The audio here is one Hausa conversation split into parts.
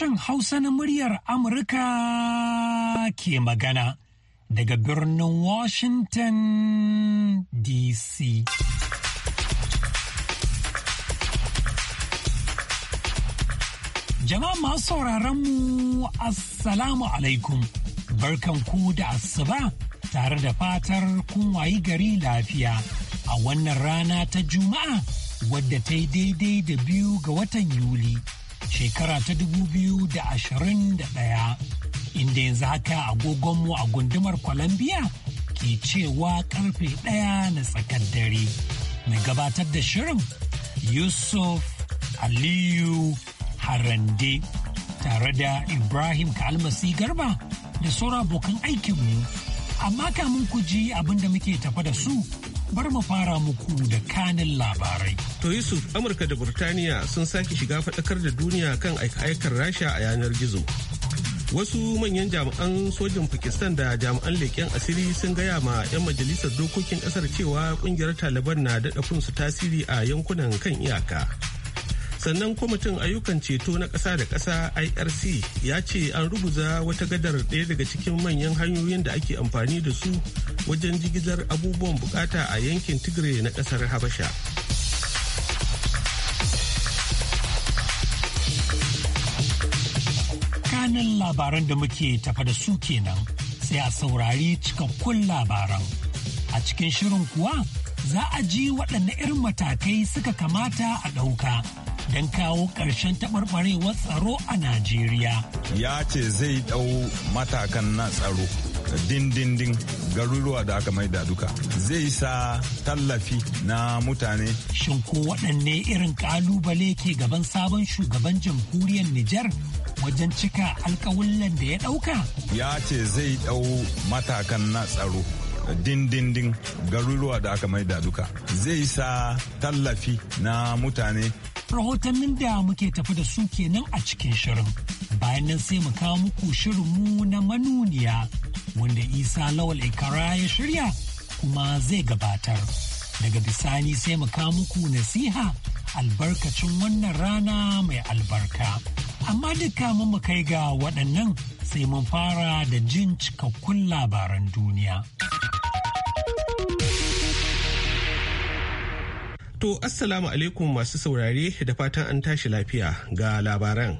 sashen Hausa na muryar Amurka ke magana daga birnin Washington DC. Jama'a masu sauraronmu Assalamu alaikum, barkan ku da asuba tare da fatar kun wayi gari lafiya a wannan rana ta Juma'a wadda ta yi daidai da biyu ga watan Yuli. shekara ta 2021 inda yanzu haka agogonmu a gundumar Columbia ke cewa karfe ɗaya na tsakar dare. Mai gabatar da shirin Yusuf Aliyu Harande tare da Ibrahim Kalmasi Garba da sauran abokan aikinmu. Amma kamun ku ji abin muke tafa da su bar mu fara muku da kanin labarai. To Yusuf, Amurka da Burtaniya sun sake shiga faɗakar da duniya kan aika-aikar Rasha a yanar gizo. Wasu manyan jami'an sojin Pakistan da jami'an leƙen asiri sun gaya ma 'yan majalisar dokokin ƙasar cewa ƙungiyar Taliban na daɗa kunsu tasiri a yankunan kan iyaka. sannan kwamitin ayyukan ceto na ƙasa da ƙasa irc ya ce an rubuta wata gadar ɗaya daga cikin manyan hanyoyin da ake amfani da su wajen jigizar abubuwan bukata a yankin tigray na ƙasar habasha kanan labaran da muke tafa da su kenan sai a saurari cikakkun labaran a cikin shirin kuwa za a ji waɗanne irin matakai suka kamata a ɗauka don kawo ƙarshen taɓarɓarewar tsaro a Najeriya. Ya ce zai ɗau matakan na tsaro dindindin garuruwa da aka maida duka zai sa tallafi na mutane. Shin ko waɗanne irin ƙalubale ke gaban sabon shugaban jamhuriyar Nijar wajen cika alkawullan da ya ɗauka? Ya ce zai ɗau matakan na tsaro. dindindin garuruwa da aka maida duka zai sa tallafi na mutane rahotannin da muke tafi da su kenan a cikin shirin. Bayan nan sai mu kawo muku mu na manuniya wanda Isa Lawal Ikara ya shirya kuma zai gabatar. Daga bisani sai mu kawo muku nasiha albarkacin wannan rana mai albarka. Amma duka mu kai ga waɗannan sai mun fara da jin cikakkun labaran duniya. To assalamu alaikum masu saurare da fatan an tashi lafiya ga labaran.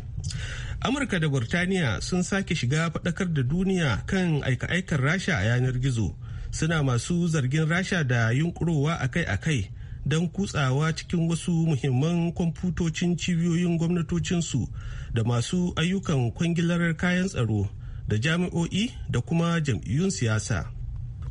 Amurka da Burtaniya sun sake shiga faɗakar da duniya kan aika-aikar Rasha a yanar gizo. Suna masu zargin Rasha da yunkurowa akai-akai don kutsawa cikin wasu muhimman kwamfutocin cibiyoyin gwamnatocinsu da masu ayyukan kwangilar kayan tsaro da jami'o'i da kuma jam'iyyun siyasa.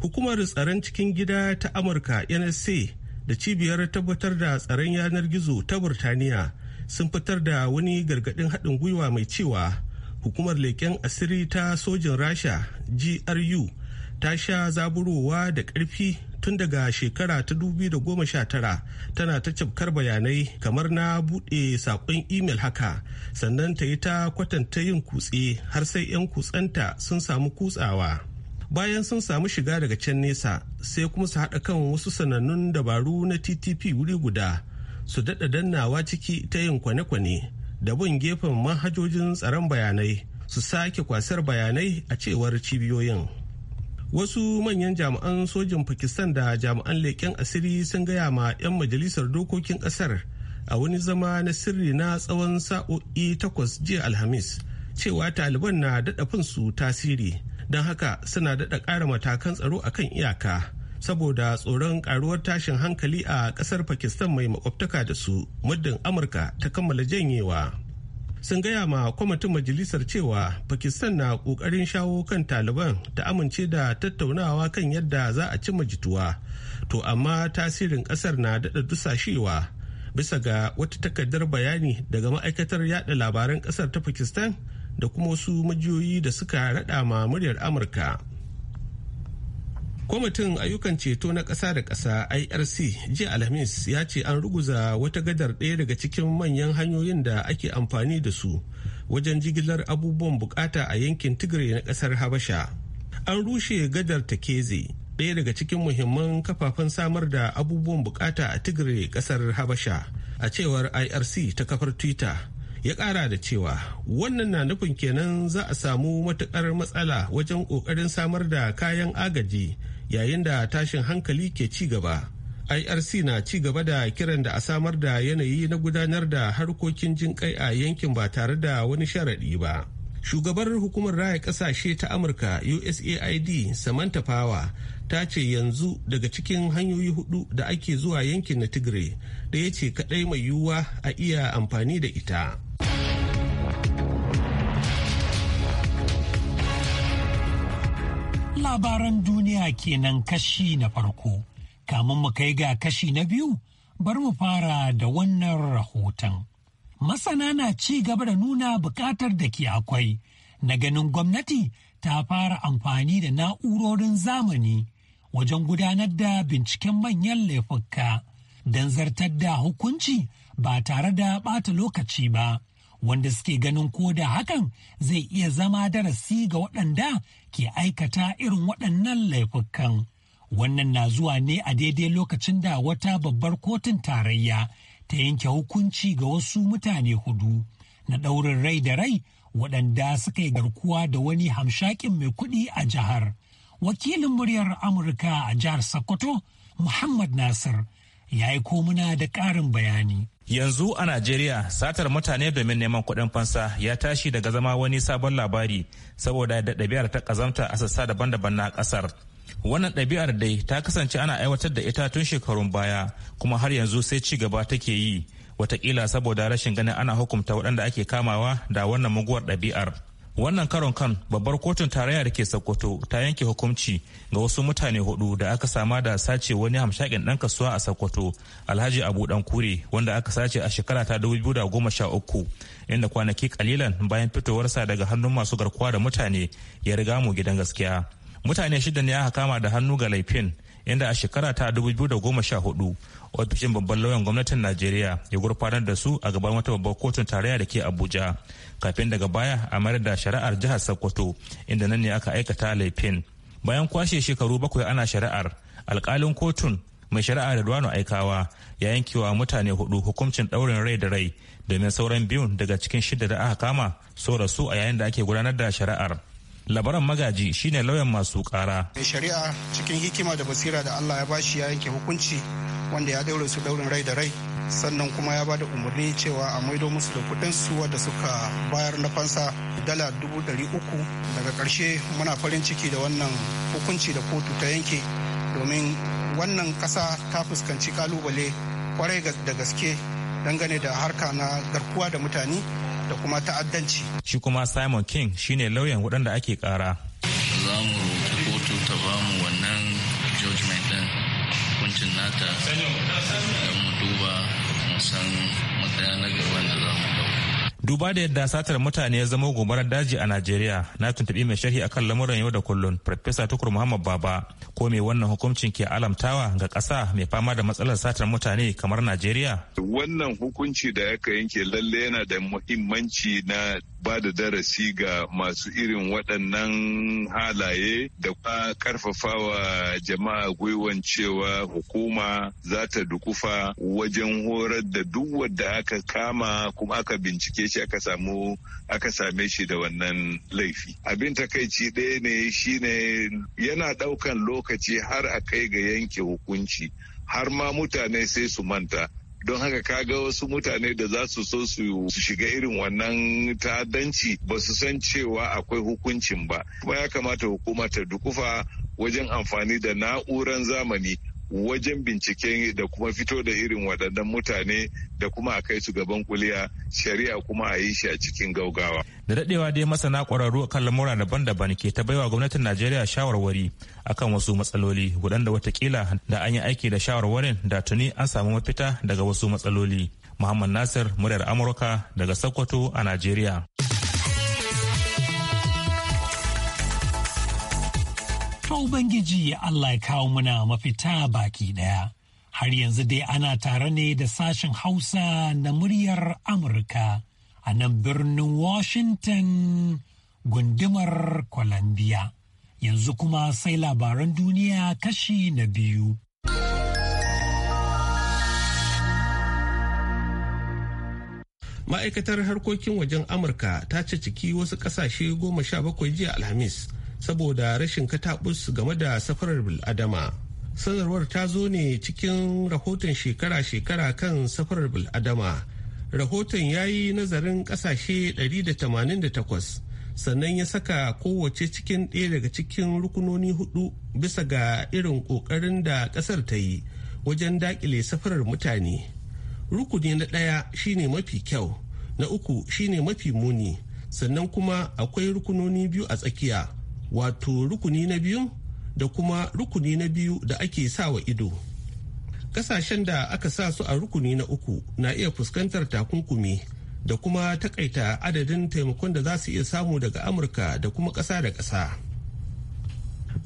Hukumar tsaron cikin gida ta Amurka NSA da cibiyar tabbatar da tsaron yanar gizo ta burtaniya sun fitar da wani gargaɗin haɗin gwiwa mai cewa hukumar leƙen asiri ta sojin rasha gru ta sha zaburowa da ƙarfi tun daga shekara ta 2019 tana ta cafkar bayanai kamar na buɗe saƙon imel haka sannan ta yi ta kwatanta yin kutse har sai 'yan kutsanta sun samu kutsawa. bayan sun samu shiga daga can nesa sai kuma su haɗa kan wasu sanannun dabaru na ttp wuri guda su daɗa dannawa ciki ta yin kwane-kwane da bin gefen manhajojin tsaron bayanai su sake kwasar bayanai a cewar cibiyoyin wasu manyan jami'an sojin pakistan da jami'an leƙen asiri sun gaya ma 'yan majalisar dokokin ƙasar a wani zama na sirri na tsawon sa'o'i takwas jiya alhamis cewa taliban na daɗa fin tasiri don haka suna daɗa ƙara matakan tsaro a kan iyaka saboda tsoron ƙaruwar tashin hankali a ƙasar pakistan mai makwabtaka da su muddin amurka ta kammala janyewa sun gaya ma kwamitin majalisar cewa pakistan na ƙoƙarin shawo kan taliban ta amince da tattaunawa kan yadda za a cimma jituwa to amma tasirin ƙasar na daɗa dusashewa bisa ga wata takardar bayani daga ma'aikatar yada labaran ƙasar ta pakistan da kuma wasu majiyoyi da suka raɗa ma muryar amurka kwamitin ayyukan ceto na ƙasa da ƙasa irc jiya alhamis ya ce an ruguza wata gadar ɗaya daga cikin manyan hanyoyin da ake amfani da su wajen jigilar abubuwan bukata a yankin tigray na ƙasar habasha an rushe gadar takeze ɗaya daga cikin muhimman kafafen samar da abubuwan bukata a tigray ƙasar habasha a cewar irc ta kafar twitter ya kara da cewa wannan na nufin kenan za a samu matukar matsala wajen kokarin samar da kayan agaji yayin da tashin hankali ke ci gaba irc na ci gaba da kiran da a samar da yanayi na gudanar da harkokin jinƙai a yankin ba tare da wani sharaɗi ba shugabar hukumar raya ƙasashe ta amurka usaid samantha power ta ce yanzu daga cikin hanyoyi hudu da ake zuwa yankin na tigray ɗaya ce kaɗai mai yiwuwa a iya amfani da ita labaran duniya kenan kashi na farko. Kamun mu kai ga kashi na biyu, Bar mu fara da wannan rahoton. Masana na ci gaba da nuna bukatar da ke akwai na ganin gwamnati ta fara amfani da na'urorin zamani wajen gudanar da binciken manyan laifuka don zartar da hukunci ba tare da ɓata lokaci ba. wanda suke ganin ko da hakan zai iya zama darasi ga waɗanda ke aikata irin waɗannan laifukan. Wannan na zuwa ne a daidai lokacin da wata babbar kotun tarayya ta yanke hukunci ga wasu mutane hudu na ɗaurin rai da rai waɗanda suka yi garkuwa da wani hamshakin mai kuɗi a jihar. Wakilin muryar Amurka a jihar Sokoto, Muhammad Nasir, ya aiko muna da ƙarin bayani. Yanzu a Najeriya satar mutane domin neman kuɗin fansa ya tashi daga zama wani sabon labari saboda da ɗabi'ar ta ƙazamta a sassa daban-daban na ƙasar. Wannan ɗabi'ar dai ta kasance ana aiwatar da ita tun shekarun baya kuma har yanzu sai ci gaba take yi. Watakila saboda rashin ganin ana hukunta waɗanda ake kamawa da wannan muguwar ɗabi'ar. wannan karon kan babbar kotun tarayya da ke sokoto ta yanke hukunci ga wasu mutane hudu da aka sama da sace wani hamshakin dan kasuwa a sokoto alhaji abu dan kure wanda aka sace a shekara ta 2013 inda kwanaki kalilan bayan fitowarsa daga hannun masu garkuwa da mutane ya riga mu gidan gaskiya mutane shida ne aka kama da hannu ga laifin inda a shekara ta 2014 ofishin babban lauyan gwamnatin najeriya ya gurfanar da su a gaban wata babbar kotun tarayya da ke abuja kafin daga baya a mayar da shari'ar jihar sokoto inda nan ne aka aikata laifin bayan kwashe shekaru bakwai ana shari'ar alkalin kotun mai shari'a Redwano Aikawa ya yankewa mutane hudu hukuncin daurin rai da rai domin sauran biyun daga cikin shida da aka kama so rasu a yayin da ake gudanar da shari'ar. labaran magaji shine lauyan masu kara mai shari'a cikin hikima da basira da allah ya bashi ya yanke hukunci wanda ya daure su daurin rai da rai sannan kuma ya bada umarni cewa a maido musu da kudin su wadda suka bayar na fansa dala dubu dari uku daga karshe muna farin ciki da wannan hukunci da kotu ta yanke domin wannan kasa ta fuskanci kalubale kwarai da gaske dangane da harka na garkuwa da mutane da kuma ta'addanci. Shi kuma Simon King shine lauyan waɗanda ake ƙara. Za mu roƙi kotu ta ba mu wannan judgment ɗin hukuncin nata don mu duba mu san matsaya na gaban da za mu duba da yadda satar mutane ya zama gobarar daji a najeriya na tuntubi mai sharhi akan lamuran yau da kullun farfesa tukur muhammad baba ko mai wannan hukuncin ke alamtawa ga ƙasa mai fama da matsalar satar mutane kamar najeriya wannan hukunci da aka yanke lalle yana da muhimmanci na ba da darasi ga masu irin waɗannan halaye da kuma karfafawa jama'a gwiwan cewa hukuma za ta dukufa wajen horar da duk wadda aka kama kuma aka bincike shi aka samu aka same shi da wannan laifi abin takaici ɗaya ne shine yana ɗaukan lokaci har a kai ga yanke hukunci har ma mutane sai su manta don haka ka ga wasu mutane da za su so su shiga irin wannan ta'addanci ba su san cewa akwai hukuncin ba kuma ya kamata hukuma ta dukufa wajen amfani da na'uran zamani wajen bincike da kuma fito da irin waɗannan mutane da kuma a kai su gaban kuliya shari'a kuma a yi shi a cikin gaugawa. Da daɗewa dai masana ƙwararru kan lamura daban-daban ke ta baiwa gwamnatin Najeriya shawarwari akan wasu matsaloli da watakila da an yi aiki da shawarwarin da tuni an samu mafita daga wasu matsaloli. Muhammad Nasir muryar Amurka daga Sokoto a Najeriya. ta Ubangiji Allah ya kawo muna mafita baki daya Har yanzu dai ana tare ne da sashen Hausa na muryar Amurka a nan birnin Washington gundumar Columbia. Yanzu kuma sai labaran duniya kashi na biyu. Ma'aikatar harkokin wajen Amurka ta ce ciki wasu ƙasashe goma sha bakwai jiya Alhamis. saboda rashin katabus game da safarar bil'adama sanarwar ta zo ne cikin rahoton shekara-shekara kan safarar bil'adama rahoton ya yi nazarin kasashe 188 sannan ya saka kowace cikin ɗaya daga cikin rukunoni hudu bisa ga irin ƙoƙarin da ƙasar ta yi wajen daƙile safarar mutane rukuni na ɗaya shine mafi kyau na uku shine mafi muni sannan kuma akwai rukunoni biyu a tsakiya wato rukuni na biyu da kuma rukuni na biyu da ake sawa ido kasashen da aka sa su a rukuni na uku na iya fuskantar takunkumi da kuma takaita adadin taimakon da za su iya samu daga amurka da kuma ƙasa da ƙasa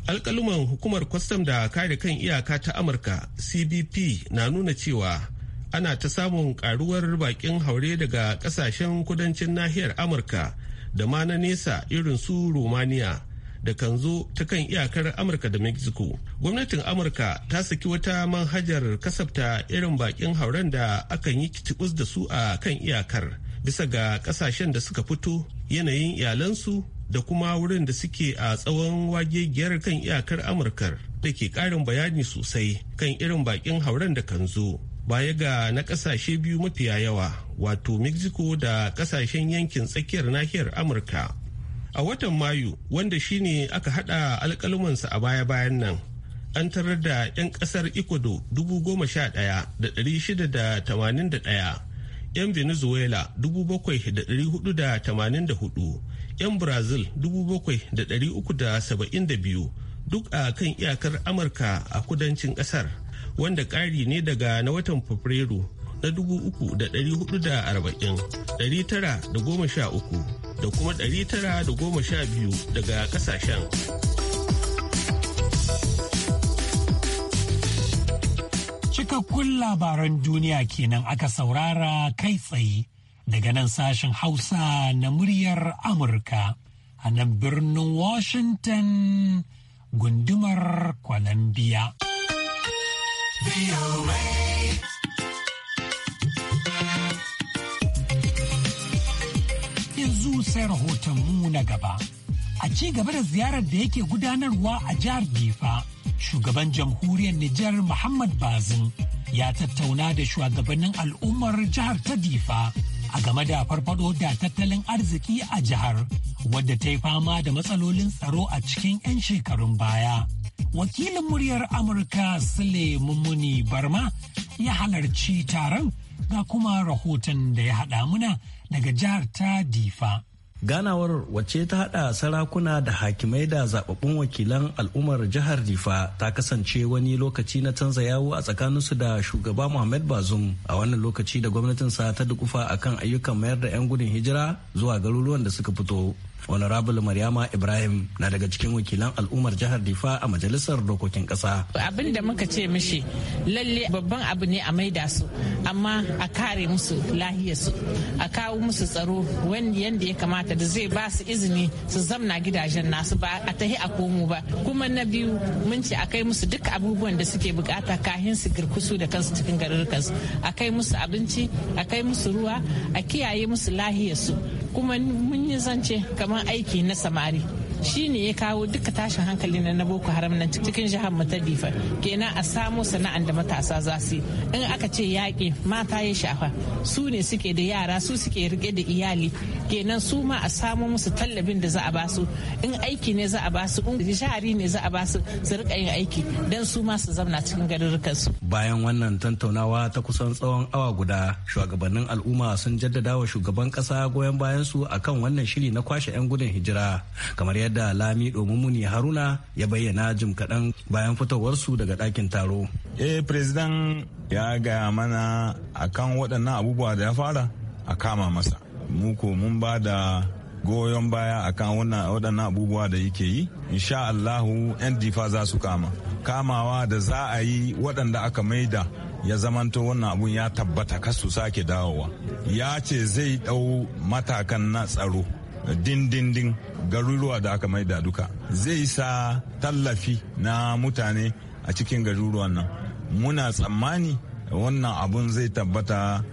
alkaluman hukumar kwastam da kare kan iyaka ta amurka cbp na nuna cewa ana ta samun karuwar bakin haure daga kasashen kudancin nahiyar amurka da ma na nesa irin su romania da kan zo ta kan iyakar amurka da mexico gwamnatin amurka ta saki wata manhajar kasafta irin bakin hauren da akan yi kitibus da su a kan iyakar bisa ga kasashen da suka fito yanayin iyalansu da kuma wurin da suke a tsawon wagegiyar kan iyakar amurka da ke karin bayani sosai kan irin bakin hauren da kan zo baya ga na kasashe biyu mafiya yawa wato mexico da kasashen yankin tsakiyar nahiyar amurka a watan mayu wanda shine aka hada alkalmansa a baya-bayan nan an tarar da 'yan kasar da 11,681 'yan venezuela 7,484 'yan brazil 7,372 duk a kan iyakar amurka a kudancin kasar wanda ƙari ne daga na watan fabrairu na 3,440,913 da kuma 912 daga kasashen. Cikakkun labaran duniya kenan aka saurara kai tsaye daga nan sashen Hausa na muryar Amurka a nan birnin Washington gundumar Columbia. Be yanzu sai mu na gaba. A ci gaba da ziyarar da yake gudanarwa a jihar Jifa. shugaban jamhuriyar Nijar Muhammad Bazin ya tattauna da shugabannin al'ummar jihar ta Difa a game da farfado da tattalin arziki a jihar, wadda ta yi fama da matsalolin tsaro a cikin 'yan shekarun baya. Wakilin muryar Amurka Sule Mummuni Barma ya halarci taron ga kuma rahoton da ya haɗa muna daga jihar ta Difa. ganawar wacce ta hada sarakuna da hakimai da zababbun wakilan al'ummar jihar difa ta kasance wani lokaci na canza yawo a tsakaninsu da shugaba muhammad bazum a wannan lokaci da gwamnatinsa ta dukufa akan ayyukan mayar da 'yan gudun hijira zuwa garuruwan da suka fito honorable maryama ibrahim na daga cikin wakilan al'ummar jihar difa a majalisar dokokin kasa abin da muka ce mishi lalle babban abu ne a maida su amma a kare musu lahiyarsu a kawo musu tsaro wanda yanda ya kamata da zai ba su izini su zamna gidajen nasu ba a tahi a komo ba kuma na biyu mun ce a kai musu duk abubuwan da suke bukata kahin su girkusu da kansu cikin garurukansu a kai musu abinci a kai musu ruwa a kiyaye musu lahiyarsu kuma mun yi zance kamar neman aiki na samari shi ne ya kawo duka tashin hankali na na boko haram nan cikin jihar mu ta difa kenan a samo sana'an da matasa za su in aka ce yaƙi mata ya shafa su ne suke da yara su suke rike da iyali kenan su ma a samo musu tallabin da za a basu in aiki ne za a basu in jihari ne za a basu su rika yin aiki dan su ma su zauna cikin garurukan su bayan wannan tantaunawa ta kusan tsawon awa guda shugabannin al'umma sun jaddada wa shugaban kasa goyon bayan su akan wannan shiri na kwashe 'yan gudun hijira kamar yadda da lami domin muni haruna ya bayyana jim kaɗan bayan fitowarsu daga ɗakin taro eh president ya gaya mana akan waɗannan abubuwa da ya fara a kama masa muku mun ba da goyon baya akan waɗannan abubuwa da yake yi insha allahu 'yan difa za su kama kamawa da za a yi waɗanda aka maida ya zamanto wannan abun ya tabbata kasu sake dawowa ya ce zai ɗau matakan na tsaro dindindin garuruwa da aka maida duka zai sa tallafi na mutane a cikin garuruwan nan muna tsammani wannan abun zai tabbata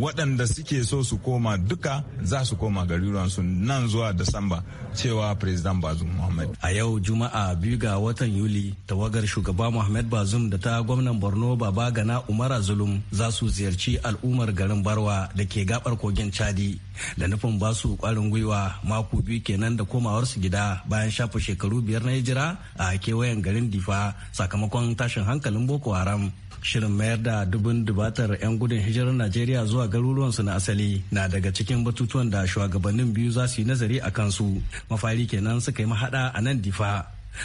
waɗanda suke so su koma duka za su koma garuruwansu nan zuwa Disamba cewa President Bazoum Muhammad. A yau Juma'a biyu ga watan Yuli tawagar shugaba Muhammad Bazum da ta gwamnan Borno Baba Gana Umara Zulum za su ziyarci al'ummar garin Barwa da ke gabar kogin Chadi da nufin ba su kwarin gwiwa mako biyu kenan da komawarsu gida bayan shafa shekaru biyar na hijira a kewayen garin Difa sakamakon tashin hankalin Boko Haram. shirin mayar da dubin dubatar 'yan gudun hijirar najeriya zuwa garuruwansu na asali na daga cikin batutuwan da shugabannin biyu za su yi nazari a kansu mafari kenan suka yi mahada a nan difa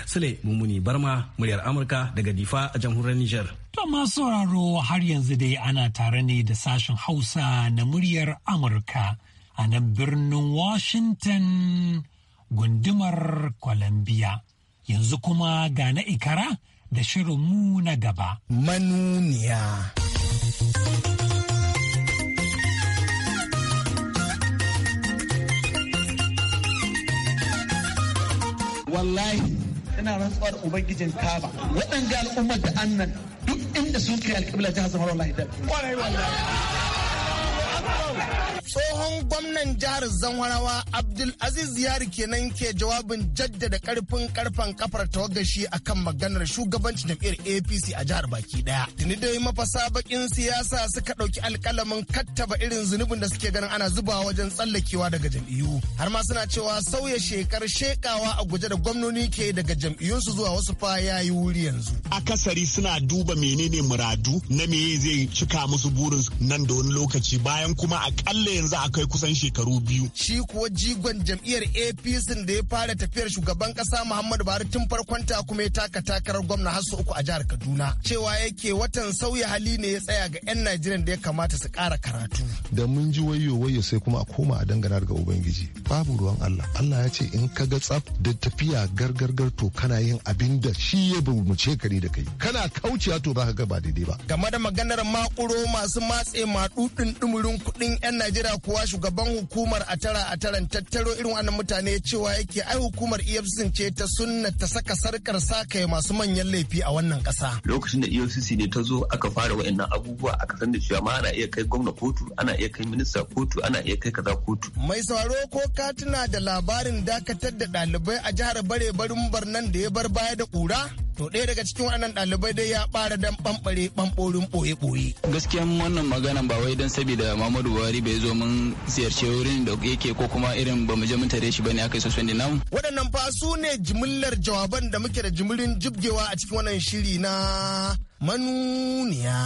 sule mummuni barma muryar amurka daga difa a jamhuriyar niger to masu sauraro har yanzu dai ana tare ne da sashen hausa na muryar amurka a nan birnin washington gundumar columbia yanzu kuma ga na ikara da shirinmu na gaba manuniya wallahi ina rantsuwa da ubangijin kaba waɗanga al'ummar da annan duk inda sun kai alƙibla jihar zamar wallahi da kwarai wallahi tsohon gwamnan jihar zanwarawa abdul aziz yari kenan ke jawabin jaddada karfin karfan kafar tawagashi akan maganar shugabancin jam'iyyar apc a jihar baki daya tuni dai mafasa bakin siyasa suka dauki alkalamin kattaba irin zunubin da suke ganin ana zuba wajen tsallakewa daga jam'iyyu har ma suna cewa sauya shekar shekawa a guje da gwamnoni ke daga jam'iyyunsu zuwa wasu fa ya yi wuri yanzu akasari suna duba menene muradu na me zai cika musu burin nan da wani lokaci bayan kuma a akalla za a kai kusan shekaru biyu. Shi kuwa jigon jam'iyyar APC da ya fara tafiyar shugaban kasa Muhammadu Buhari tun farkon ta kuma ya taka takarar gwamna har uku a jihar Kaduna. Cewa yake watan sauya hali ne ya tsaya ga 'yan Najeriya da ya kamata su ƙara karatu. Da mun ji wayo wayo sai kuma a koma a dangana ga Ubangiji. Babu ruwan Allah. Allah ya ce in ka ga tsaf da tafiya gargargar to kana yin abin da shi ya bambace ka da kai. Kana kaucewa to ba ka ga ba daidai ba. Game da maganar makuro masu matse maɗuɗin ɗumurin kuɗin 'yan Najeriya najeriya kuwa shugaban hukumar a tara a taran tattaro irin wannan mutane cewa yake ai hukumar efcc ce ta sunna ta saka sarkar sakai masu manyan laifi a wannan kasa lokacin da efcc ne ta zo aka fara wa'annan abubuwa aka san da cewa ma ana iya kai gwamna kotu ana iya kai minista kotu ana iya kai kaza kotu mai sauraro ko katina da labarin dakatar da ɗalibai a jihar bare barin barnan da ya bar baya da ƙura to ɗaya daga cikin wannan ɗalibai dai ya ɓara dan ɓamɓare ɓamɓorin ɓoye-ɓoye. gaskiyan wannan magana ba wai don saboda muhammadu buhari bai zo domin ziyarce ziyarci wurin da yake ko kuma irin ba mu je mun tare shi bane aka yi suspending namu waɗannan fa su ne jimillar jawaban da muke da jimirin jibgewa a cikin wannan shiri na manuniya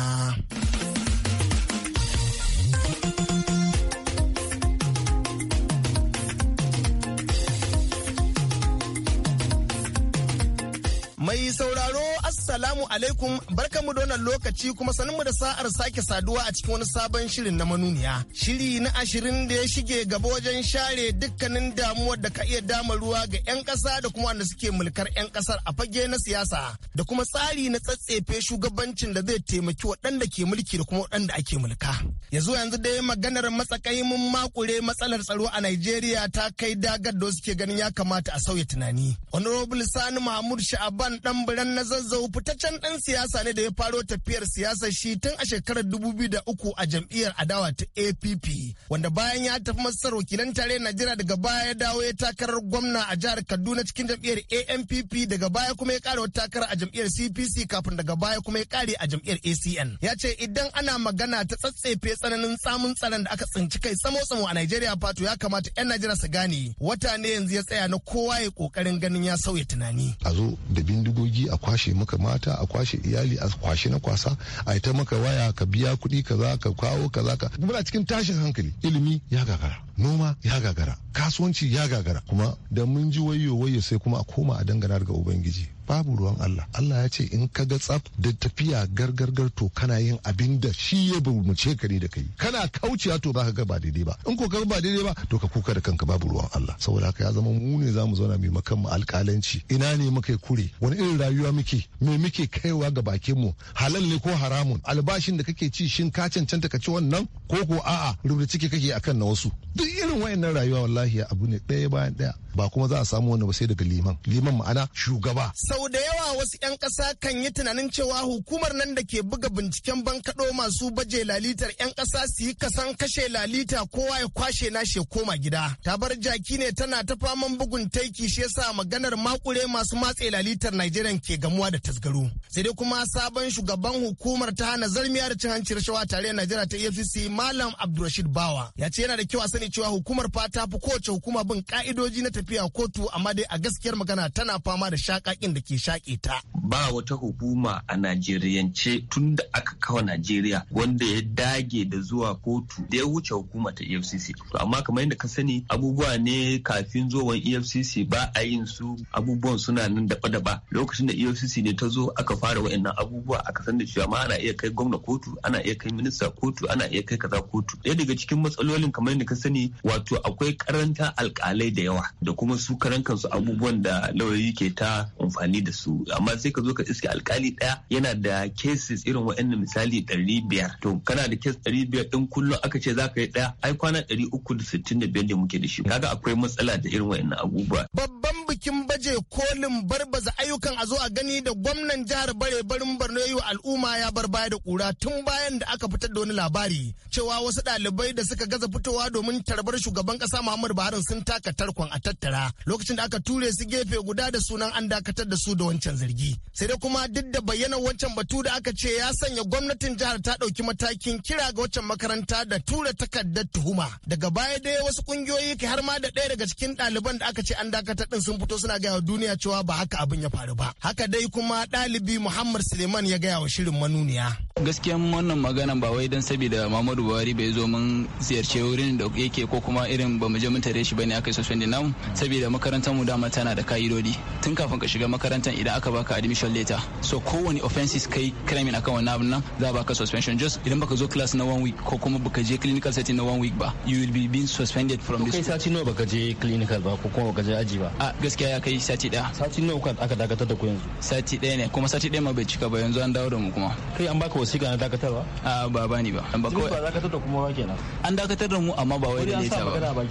Assalamu alaikum barkanmu da wannan lokaci kuma sanin mu da sa'ar sake saduwa a cikin wani sabon shirin na manuniya. Shiri na ashirin da ya shige gaba wajen share dukkanin damuwar da ka iya dama ruwa ga 'yan kasa da kuma wanda suke mulkar 'yan kasar a fage na siyasa da kuma tsari na tsatsefe shugabancin da zai taimaki waɗanda ke mulki da kuma waɗanda ake mulka. yanzu yanzu dai maganar matsakaimin makure matsalar tsaro a Najeriya ta kai dagar da suke ganin ya kamata a sauya tunani. Honorable Sani Mahmud Sha'aban dan biran na zazzau fitaccen babban ɗan siyasa ne da ya faro tafiyar siyasar shi tun a shekarar 2003 a jam'iyyar adawa ta APP wanda bayan ya tafi masar wakilan tare Najeriya daga baya ya dawo ya takarar gwamna a jihar Kaduna cikin jam'iyyar ANPP daga baya kuma ya kare wata takara a jam'iyyar CPC kafin daga baya kuma ya kare a jam'iyyar ACN ya ce idan ana magana ta tsatsefe tsananin tsamin tsaron da aka tsinci kai samo tsamo a Najeriya fato ya kamata 'yan Najeriya su gane wata ne yanzu ya tsaya na kowa ya kokarin ganin ya sauya tunani a zo da bindigogi a kwashe maka mata a a kwashe iyali a kwashe na kwasa a yi maka waya ka biya kuɗi kaza ka kawo kaza ka muna cikin tashin hankali ilimi ya gagara noma ya gagara kasuwanci ya gagara kuma da mun ji wayo wayo sai kuma a koma a dangana daga ubangiji babu ruwan Allah Allah ya ce in ka ga tsaf da tafiya gargargar to kana yin abin da shi ya bulmuce ka ne da kai kana kaucewa to baka ga ba daidai ba in ko ka ba daidai ba to ka kuka da kanka babu ruwan Allah saboda haka ya zama mu ne za mu zauna mai makan mu Alkalanci ina ne muka kure wani irin rayuwa muke me muke kaiwa ga bakin mu halal ne ko haramun albashin da kake ci shin ka cancanta ka ci wannan ko ko a'a rubuta ciki kake akan na wasu duk irin wayannan rayuwa wallahi abu ne ɗaya bayan ɗaya ba kuma za a samu wani ba sai daga liman liman ma'ana shugaba sau da yawa wasu 'yan ƙasa kan yi tunanin cewa hukumar nan da ke buga binciken bankaɗo masu baje lalitar 'yan kasa su yi kasan kashe lalita kowa ya kwashe na she koma gida. Ta jaki ne tana ta faman bugun taiki shi yasa maganar makure masu matse lalitar Najeriya ke gamuwa da tasgaro. Sai dai kuma sabon shugaban hukumar ta hana zarmiya da cin hanci rashawa tare Najeriya ta EFCC Malam Abdulrashid Bawa ya ce yana da kyau a sani cewa hukumar fa ta fi kowace hukuma bin ka'idoji na tafiya kotu amma dai a gaskiyar magana tana fama da shakakin da ke shaƙe ta ba wata hukuma a najeriyance tun da aka kawo najeriya wanda ya dage da zuwa kotu da ya wuce hukuma ta efcc to amma kamar yadda ka sani abubuwa ne kafin zuwan efcc ba a yin su abubuwan suna nan daba daba lokacin da efcc ne ta zo aka fara wa'annan abubuwa aka san da cewa ma ana iya kai gwamna kotu ana iya kai minista kotu ana iya kai kaza kotu ɗaya daga cikin matsalolin kamar yadda ka sani wato akwai karanta alkalai da yawa da kuma su karan kansu abubuwan da lauyoyi ke ta amfani da su hudu amma sai ka zo ka iske alkali daya yana da cases irin wa'annan misali ɗari biyar to kana da case ɗari biyar ɗin kullum aka ce za ka yi ɗaya. ai kwana ɗari uku da sittin da biyar da muke da shi kaga akwai matsala da irin wa'annan abubuwa. babban bikin baje kolin barbaza ayyukan a zo a gani da gwamnan jihar bare barin barno ya yi wa al'umma ya bar baya da kura tun bayan da aka fitar da wani labari cewa wasu ɗalibai da suka gaza fitowa domin tarbar shugaban ƙasa muhammadu buhari sun taka tarkon a tattara lokacin da aka ture su gefe guda da sunan an dakatar da su da wancan wannan zargi sai dai kuma duk da bayyana wancan batu da aka ce ya sanya gwamnatin jihar ta ɗauki matakin kira ga wancan makaranta da tura takardar tuhuma daga baya dai wasu kungiyoyi kai har ma da ɗaya daga cikin ɗaliban da aka ce an dakatar din sun fito suna gaya wa duniya cewa ba haka abin ya faru ba haka dai kuma ɗalibi muhammad suleiman ya gaya wa shirin manuniya gaskiyan wannan magana ba wai don saboda muhammadu buhari bai zo mun ziyarce wurin da yake ko kuma irin ba mu je mun tare shi bane aka yi suspending namu saboda makarantar mu dama tana da ka'idodi tun kafin ka shiga makarantar idan aka baka admission letter so kowane offenses kai crime akan wannan abin nan za baka suspension just idan baka zo class na one week ko kuma baka je clinical setting na one week ba you will be being suspended from this kai sati nawa baka je clinical ba ko kuma baka je aji ba a ah, gaskiya ya kai sati daya sati nawa kuka aka dakatar da ku yanzu sati daya ne kuma sati daya ma bai cika ba yanzu an dawo da mu kuma kai an baka wasiƙa na dakatarwa ah, a ba bani ba an ba kawai ba dakatar da kuma ba kenan an dakatar da mu amma ba wai da leta ah, ba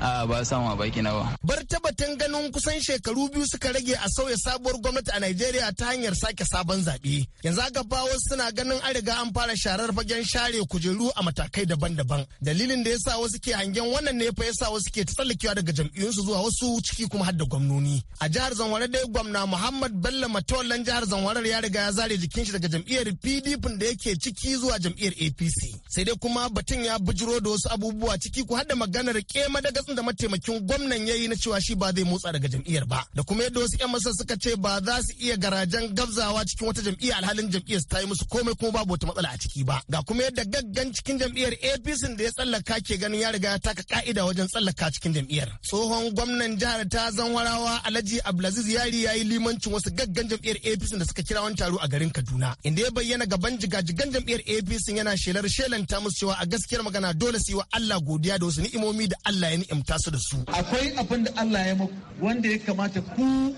a ba samu a baki na ba bar tabbatan ganin kusan shekaru biyu suka rage a sauya sabuwar gwamnati a Najeriya ta hanyar sake sabon zaɓe. Yanzu aka fa wasu suna ganin an riga an fara sharar fagen share kujeru a matakai daban-daban. Dalilin da ya sa wasu ke hangen wannan ne fa ya sa wasu ke tsallakewa daga jam'iyyunsu zuwa wasu ciki kuma har da gwamnoni. A jihar zamware dai gwamna Muhammad Bello Matawallan jihar zamware ya riga ya zare jikin shi daga jam'iyyar PDP da yake ciki zuwa jam'iyyar APC. Sai dai kuma batun ya bujuro da wasu abubuwa ciki ku har da maganar kema madagasin da mataimakin gwamnan ya yi na cewa shi ba zai motsa daga jam'iyyar ba. Da kuma yadda wasu 'yan masar suka ce ba za su su iya garajen gabzawa cikin wata jam'iyya alhalin jam'iyyar ta yi musu komai kuma babu wata matsala a ciki ba ga kuma yadda gaggan cikin jam'iyyar APC da ya tsallaka ke ganin ya riga ya taka ka'ida wajen tsallaka cikin jam'iyyar tsohon gwamnan jihar ta zanwarawa Alhaji Abdulaziz Yari ya yi limancin wasu gaggan jam'iyyar APC da suka kira wani taro a garin Kaduna inda ya bayyana gaban jigajigan jam'iyyar APC yana shelar ta musu cewa a gaskiyar magana dole su yi wa Allah godiya da wasu ni'imomi da Allah ya ni'imta su da su akwai abin da Allah ya muku wanda ya kamata ku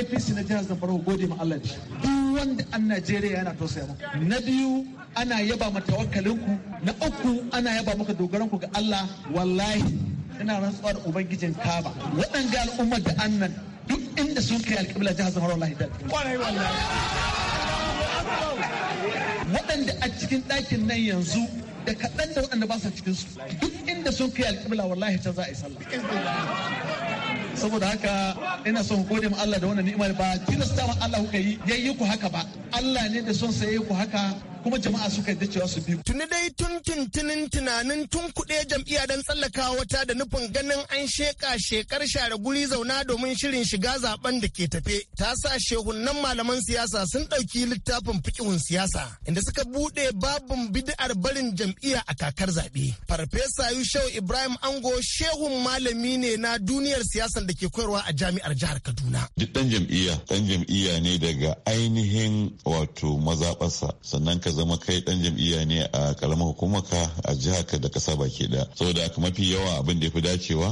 APC na jihar Zamfara farko gode ma Allah da shi duk wanda an Najeriya yana tausaya muku na biyu ana yaba ma tawakkalin ku na uku ana yaba maka dogaran ku ga Allah wallahi ina rantsuwa da ubangijin Kaba waɗanga al'ummar da annan duk inda sun kai alƙibla jihar Zamfara wallahi da waɗanda a cikin ɗakin nan yanzu da kaɗan da waɗanda ba su cikin su duk inda sun kai alƙibla wallahi ta za a yi sallah saboda haka ina son gode ma Allah da wannan ni'imar ba tilasta ma Allah kuka yi yayi ku haka ba Allah ne da son sa yayi ku haka kuma jama'a suka yarda cewa su bi. Tuni dai tun tuntunin tunanin tun kuɗe jam'iyya don tsallakawa wata da nufin ganin an sheƙa shekar share guri zauna domin shirin shiga zaben da ke tafe. Ta sa shehunnan malaman siyasa sun ɗauki littafin fikihun siyasa inda suka buɗe babin bid'ar barin jam'iyya a kakar zaɓe. Farfesa Yushau Ibrahim Ango shehun malami ne na duniyar siyasar da ke koyarwa a jami'ar jihar Kaduna. Duk ɗan jam'iyya, ɗan jam'iyya ne daga ainihin wato mazaɓarsa sannan ka zama kai dan jam'iyya ne a karamar hukumar ka a jihar ka da kasa baki da saboda mafi yawa abin da ya fi dacewa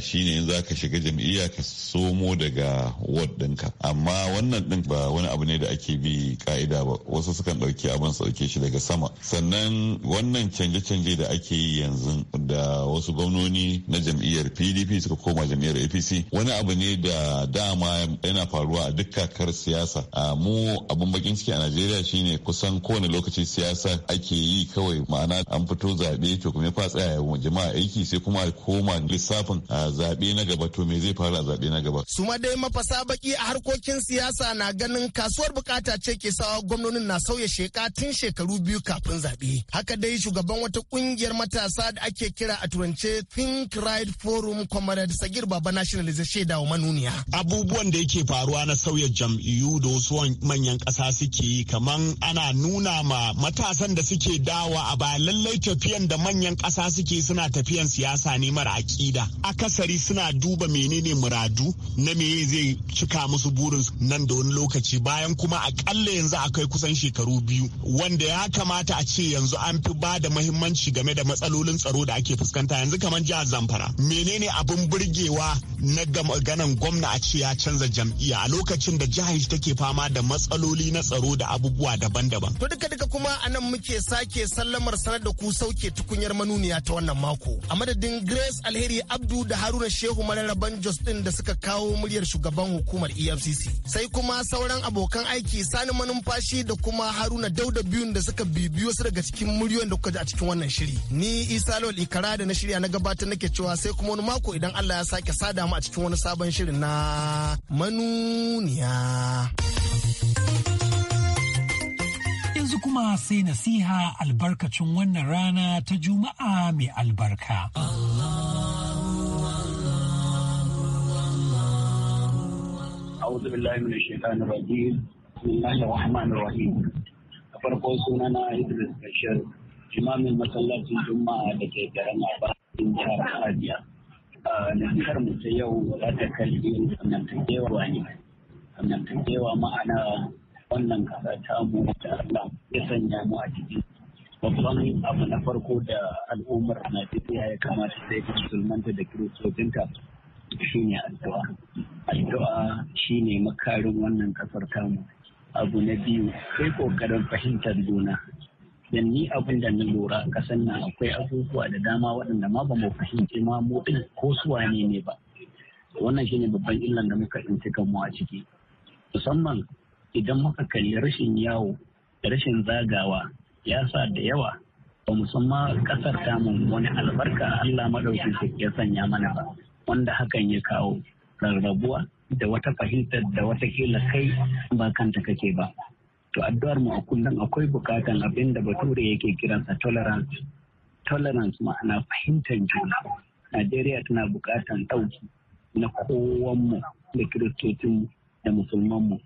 shine in zaka shiga jam'iyya ka somo daga ward ɗinka amma wannan din ba wani abu ne da ake bi ka'ida ba wasu sukan ɗauki abin su ɗauke shi daga sama sannan wannan canje-canje da ake yi yanzu da wasu gwamnoni na jam'iyyar pdp suka koma jam'iyyar apc wani abu ne da dama yana faruwa a duk kakar siyasa mu abun bakin ciki a najeriya shine kusan kowane lokaci lokaci siyasa ake yi kawai ma'ana an fito zaɓe to kuma fa tsaya wa jama'a aiki sai kuma koma lissafin a zaɓe na gaba to me zai fara zaɓe na gaba. su ma dai mafasa baki a harkokin siyasa na ganin kasuwar bukata ce ke sawa gwamnonin na sauya sheka tun shekaru biyu kafin zaɓe. haka dai shugaban wata kungiyar matasa da ake kira a turance think right forum comrade sagir baba national zai shaida wa manuniya. abubuwan da yake faruwa na sauya jam'iyyu da wasu manyan ƙasa suke yi kaman ana nuna dama matasan da suke dawa a ba lallai tafiyan da manyan ƙasa suke suna tafiyan siyasa ne mara aƙida akasari suna duba menene muradu na me zai cika musu burin nan da wani lokaci bayan kuma akalla yanzu akai kusan shekaru biyu wanda ya kamata a ce yanzu an fi ba da mahimmanci game da matsalolin tsaro da ake fuskanta yanzu kamar jihar zamfara menene abin burgewa na ganan gwamna a ce ya canza jam'iyya a lokacin da jihar take fama da matsaloli na tsaro da abubuwa daban-daban to duka duka kuma a nan muke sake sallamar sanar da ku sauke tukunyar manuniya ta wannan mako. A madadin Grace Alheri Abdu da Haruna Shehu mararraban Jos din da suka kawo muryar shugaban hukumar EFCC. Sai kuma sauran abokan aiki Sani Manumfashi da kuma Haruna Dauda biyun da suka bibiyo su daga cikin miliyon da kuka ji a cikin wannan shiri. Ni Isa Lol Ikara da na shirya na gabatar nake cewa sai kuma wani mako idan Allah ya sake sada mu a cikin wani sabon shirin na manuniya. kuma sai nasiha albarkacin wannan rana ta juma'a mai albarka. farko suna na Idris Bashir, imamin masallacin Juma'a da ke garin Aba in jihar Hajiya. Nasihar mu ta yau za ta kalli sannan ta ne, ma'ana wannan kasa ta mu da Allah ya sanya mu a ciki babban abu na farko da al'ummar Najeriya ya kamata sai ta musulmanta da shi shine addu'a addu'a shine makarin wannan kasar tamu abu na biyu sai kokarin fahimtar juna dan ni abin da na lura kasan nan akwai abubuwa da dama waɗanda ma ba mu fahimci ma mu din ko su wane ne ba wannan shine babban illan da muka tsinci mu a ciki musamman idan muka kalli rashin yawo da rashin zagawa ya sa da yawa ba musamman kasar tamun wani albarka Allah maɗauki ya sanya mana ba wanda hakan ya kawo rarrabuwa da wata fahimtar da wata kila kai ba kanta kake ba to addu'ar mu a kullum akwai bukatan abin da bature yake kiransa tolerance tolerance ma'ana fahimtar juna Najeriya tana bukatan ɗauki na kowanmu da kiristocin da musulmanmu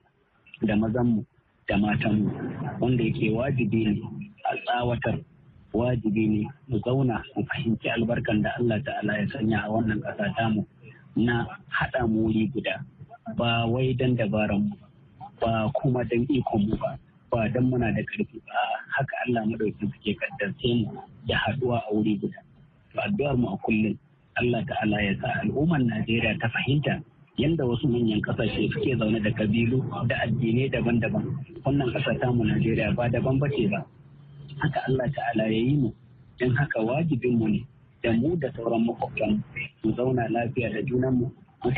da mazanmu da matanmu wanda yake wajibi ne a tsawatar wajibi ne mu zauna mu fahimci albarkan da Allah ta'ala ya sanya a wannan ƙasa tamu na haɗa mu wuri guda ba wai dan dabaran mu ba kuma don ikon mu ba ba don muna da ƙarfi ba haka Allah madaukin suke kaddarce mu da haɗuwa a wuri guda to addu'ar mu a kullum Allah ta'ala ya sa al'ummar Najeriya ta fahimta yanda wasu manyan kasashe suke zaune da kabilu da addinai daban-daban wannan ƙasa tamu najeriya ba daban bace ba haka allah ta'ala ya yi mu don haka wajibin mu ne da mu da sauran makwabtan mu zauna lafiya da junanmu mu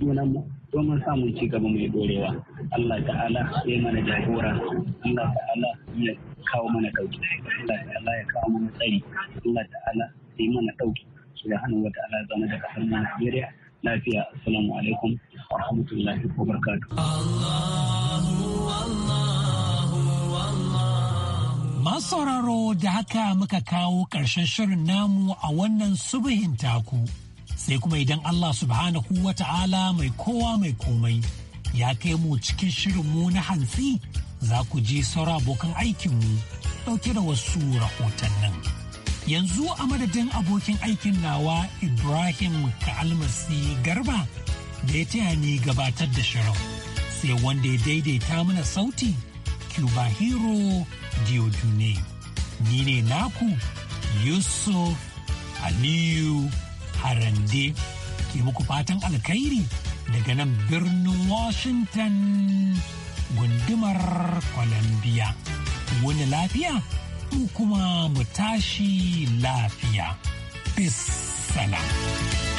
junanmu domin samun ci gaba mai dorewa Allah ta'ala ya mana jagora Allah ta'ala ya kawo mana dauki Allah ta'ala ya kawo mana tsari Allah ta'ala ya mana dauki subhanahu wa ta'ala zama da kasar Najeriya lafiya assalamu alaikum wa rahmatullahi wa barkatu. Masu da haka muka kawo ƙarshen shirin namu a wannan subuhin taku. Sai kuma idan Allah subhanahu wa ta'ala mai kowa mai komai ya kai mu cikin shirinmu na hantsi za ku ji saura abokan aikinmu ɗauke da wasu rahotannin. nan. yanzu a madadin abokin aikin nawa ibrahim kalmasi garba da ya taya ni gabatar da shirin sai wanda ya daidaita mana sauti cuba hero diodune ni ne naku yusuf aliyu harande ke muku fatan alkhairi daga nan birnin washington gundumar columbia wani lafiya mu kuma mu tashi lafiya. Peace. salam.